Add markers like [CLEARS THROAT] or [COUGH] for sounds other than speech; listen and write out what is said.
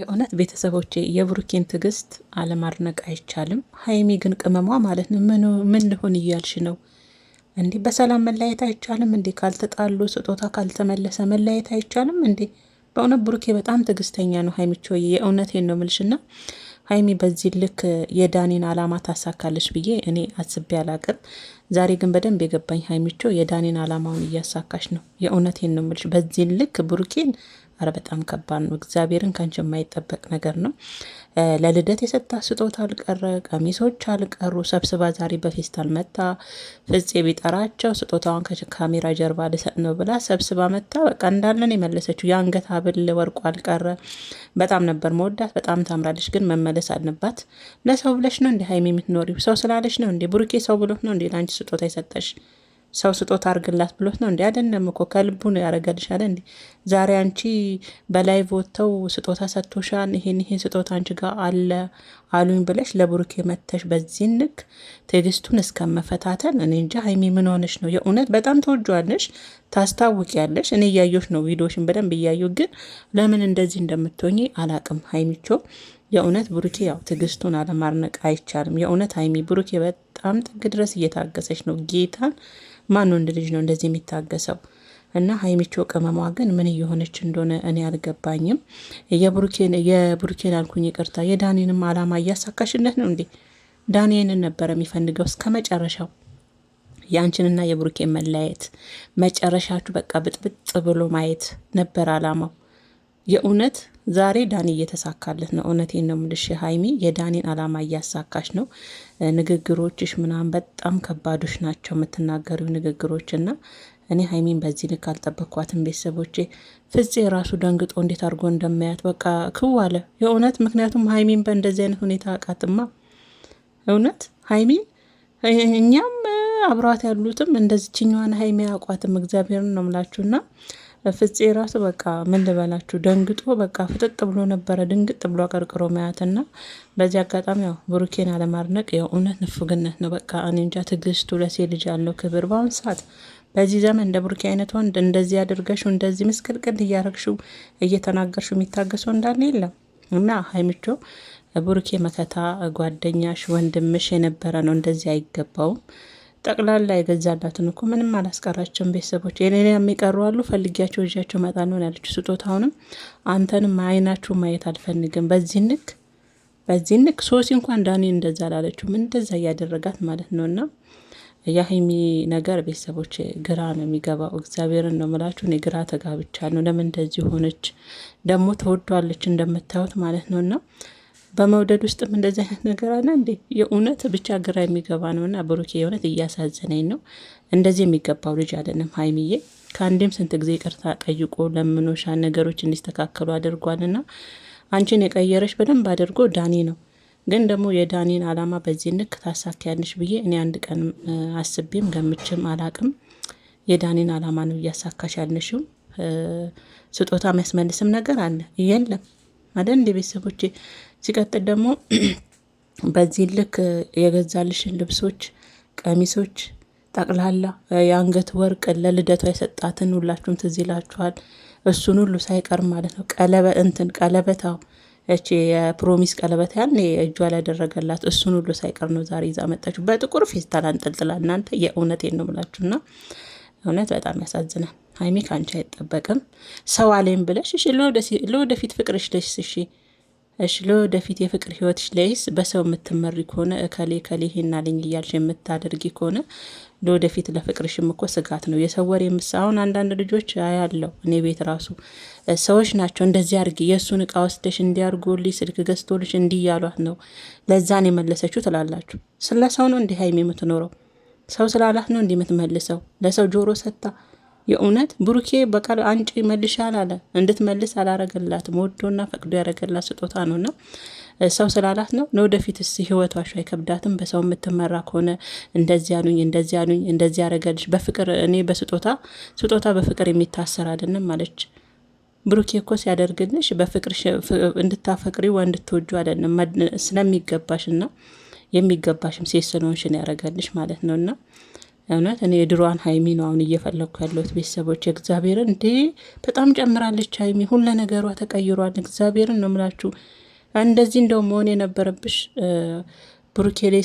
የእውነት ቤተሰቦቼ የብሩኬን ትዕግስት አለማድነቅ አይቻልም። ሀይሚ ግን ቅመሟ ማለት ነው። ምን ልሆን እያልሽ ነው? እንዲህ በሰላም መለያየት አይቻልም እንዴ? ካልተጣሉ ስጦታ ካልተመለሰ መለያየት አይቻልም እንዴ? በእውነት ብሩኬ በጣም ትዕግስተኛ ነው። ሀይሚቾ የእውነቴን ነው ምልሽና ሀይሚ በዚህ ልክ የዳኒን አላማ ታሳካለች ብዬ እኔ አስቤ አላቅም። ዛሬ ግን በደንብ የገባኝ ሀይሚቾ የዳኒን አላማውን እያሳካች ነው። የእውነቴን ነው ምልሽ በዚህ ልክ ብሩኬን አረ በጣም ከባድ ነው። እግዚአብሔርን ከአንቺ የማይጠበቅ ነገር ነው። ለልደት የሰጣ ስጦታ አልቀረ፣ ቀሚሶች አልቀሩ። ሰብስባ ዛሬ በፌስታል መታ። ፍጼ ቢጠራቸው ስጦታውን ከካሜራ ጀርባ ልሰጥ ነው ብላ ሰብስባ መታ። በቃ እንዳለን የመለሰችው የአንገት ሐብል ወርቁ አልቀረ። በጣም ነበር መወዳት። በጣም ታምራለች፣ ግን መመለስ አለባት። ለሰው ብለሽ ነው እንዲ ሀይሚ የምትኖሪው? ሰው ስላለሽ ነው እንዲ ቡሩኬ ሰው ብሎት ነው እንዲ ለአንቺ ስጦታ የሰጠሽ? ሰው ስጦታ አርግላት ብሎት ነው እንዲ አደለም እኮ ከልቡ ነው ያረገልሽ እንዲ ዛሬ አንቺ በላይ ቦተው ስጦታ ሰጥቶሻን ይሄን ይሄን ስጦታ አንቺ ጋር አለ አሉኝ ብለሽ ለብሩክ የመተሽ በዚህ ንክ ትዕግስቱን እስከመፈታተን እኔ እንጃ ሀይሚ ምን ሆነሽ ነው የእውነት በጣም ተወጇለሽ ታስታውቂያለሽ እኔ እያየሽ ነው ቪዲዮሽን በደንብ እያየሁ ግን ለምን እንደዚህ እንደምትሆኝ አላቅም ሀይሚቾ የእውነት ብሩኬ ያው ትዕግስቱን አለማድነቅ አይቻልም። የእውነት ሀይሚ ብሩኬ በጣም ጥግ ድረስ እየታገሰች ነው። ጌታን ማን ወንድ ልጅ ነው እንደዚህ የሚታገሰው? እና ሀይሚቾ ቅመሟ ግን ምን እየሆነች እንደሆነ እኔ አልገባኝም። የብሩኬን አልኩኝ ይቅርታ፣ የዳኒንም አላማ እያሳካሽነት ነው እንዴ? ዳኒንን ነበረ የሚፈልገው እስከ መጨረሻው የአንችንና የብሩኬን መለያየት መጨረሻችሁ በቃ ብጥብጥ ብሎ ማየት ነበር አላማው የእውነት ዛሬ ዳኒ እየተሳካለት ነው። እውነቴን ነው የምልሽ ሀይሚ የዳኒን አላማ እያሳካሽ ነው። ንግግሮችሽ ምናምን በጣም ከባዶች ናቸው የምትናገሪው ንግግሮች እና እኔ ሀይሚን በዚህ ልክ አልጠበቅኳትም። ቤተሰቦቼ ፍጼ ራሱ ደንግጦ እንዴት አድርጎ እንደማያት በቃ ክው አለ የእውነት። ምክንያቱም ሀይሚን በእንደዚህ አይነት ሁኔታ አቃጥማ እውነት ሀይሚን እኛም አብሯት ያሉትም እንደዚችኛዋን ሀይሚ አያውቋትም። እግዚአብሔርን ነው ምላችሁና ፍፄ ራሱ በቃ ምን ልበላችሁ ደንግጦ በቃ ፍጥጥ ብሎ ነበረ። ድንግጥ ብሎ አቀርቅሮ መያት ማያትና በዚህ አጋጣሚ ያው ብሩኬን አለማድነቅ ያው እውነት ንፉግነት ነው። በቃ እኔ እንጃ ትግስቱ ለሴ ልጅ ያለው ክብር በአሁን ሰዓት በዚህ ዘመን እንደ ብሩኬ አይነት ወንድ እንደዚህ አድርገሽ እንደዚህ ምስቅልቅል እያረግሽው እየተናገርሽው የሚታገሰው እንዳለ የለም እና ሀይምቾ ብሩኬ መከታ ጓደኛሽ፣ ወንድምሽ የነበረ ነው። እንደዚህ አይገባውም። ጠቅላላ የገዛላትን እኮ ምንም አላስቀራቸውም። ቤተሰቦች የኔ የሚቀሩ አሉ ፈልጊያቸው እዣቸው እመጣለሁ ነው ያለችው። ስጦታውንም አንተንም አይናችሁ ማየት አልፈልግም። በዚህ ንክ በዚህ ንክ ሶሲ እንኳን ዳኒ እንደዛ ላለችውም እንደዛ እያደረጋት ማለት ነው። እና የሀይሚ ነገር ቤተሰቦች ግራ ነው የሚገባው። እግዚአብሔርን ነው ምላችሁ። እኔ ግራ ተጋብቻለሁ። ለምን እንደዚህ ሆነች? ደግሞ ተወዷለች እንደምታዩት ማለት ነው እና በመውደድ ውስጥም እንደዚህ አይነት ነገር አለ እንዴ? የእውነት ብቻ ግራ የሚገባ ነው። እና ብሩኬ የእውነት እያሳዘነኝ ነው። እንደዚህ የሚገባው ልጅ አለንም ሀይሚዬ ከአንዴም ስንት ጊዜ ቅርታ ጠይቆ ለምኖሻ ነገሮች እንዲስተካከሉ አድርጓልና አንቺን የቀየረች በደንብ አድርጎ ዳኒ ነው። ግን ደግሞ የዳኒን አላማ በዚህ ንክ ታሳኪያለሽ ብዬ እኔ አንድ ቀን አስቤም ገምቼም አላቅም። የዳኒን አላማ ነው እያሳካሽ ያለሽው። ስጦታ የሚያስመልስም ነገር አለ የለም አይደል ቤተሰቦች ቤተሰቦቼ። ሲቀጥል ደግሞ [CLEARS THROAT] በዚህ ልክ የገዛልሽን ልብሶች፣ ቀሚሶች ጠቅላላ የአንገት ወርቅ ለልደቷ የሰጣትን ሁላችሁም ትዝ ይላችኋል። እሱን ሁሉ ሳይቀር ማለት ነው። ቀለበት እንትን ቀለበታው እቺ የፕሮሚስ ቀለበት ያን እጇ ላይ ያደረገላት እሱን ሁሉ ሳይቀር ነው ዛሬ ይዛ መጣችሁ። በጥቁር ፌስታል አንጠልጥላ እናንተ የእውነቴን ነው ምላችሁና እውነት በጣም ያሳዝናል። ሀይሚ ከአንቺ አይጠበቅም። ሰው አለኝ ብለሽ እሺ፣ ለወደፊት ፍቅርሽ ደስ እሺ እሺ ለወደፊት የፍቅር ህይወትሽ ለይስ በሰው የምትመሪ ከሆነ እከሌ እከሌ ይሄን ልኝ እያልሽ የምታደርጊ ከሆነ ለወደፊት ለፍቅርሽም እኮ ስጋት ነው። የሰው ወሬ ምስ አሁን አንዳንድ ልጆች ያለው እኔ ቤት ራሱ ሰዎች ናቸው እንደዚህ አድርጊ፣ የእሱን እቃ ወስደሽ እንዲያርጎልሽ ስልክ ገዝቶልሽ እንዲህ ያሏት ነው ለዛን የመለሰችው ትላላችሁ። ስለ ሰው ነው እንዲህ ሀይሚ የምትኖረው ሰው ስላላት ነው እንዲህ የምትመልሰው? ለሰው ጆሮ ሰታ የእውነት ብሩኬ በቃል አንጭ መልሻል አለ። እንድትመልስ አላረገላት። ወዶና ፈቅዶ ያረገላት ስጦታ ነው ነውና ሰው ስላላት ነው። ለወደፊትስ ህይወቷ አይከብዳትም? በሰው የምትመራ ከሆነ እንደዚህ ያሉኝ፣ እንደዚህ ያሉኝ፣ እንደዚህ ያረገልሽ በፍቅር እኔ በስጦታ ስጦታ በፍቅር የሚታሰር አይደለም አለች። ብሩኬ እኮ ሲያደርግልሽ በፍቅር እንድታፈቅሪ ወ እንድትወጁ አይደለም ስለሚገባሽ ና የሚገባሽም ሴት ስለሆንሽን ያደረገልሽ ማለት ነው። እና እውነት እኔ የድሮዋን ሀይሚ ነው አሁን እየፈለግኩ ያለሁት ቤተሰቦች እግዚአብሔርን እንዴ በጣም ጨምራለች ሀይሚ፣ ሁለ ነገሯ ተቀይሯል። እግዚአብሔርን ነው ምላችሁ እንደዚህ እንደው መሆን የነበረብሽ ብሩኬ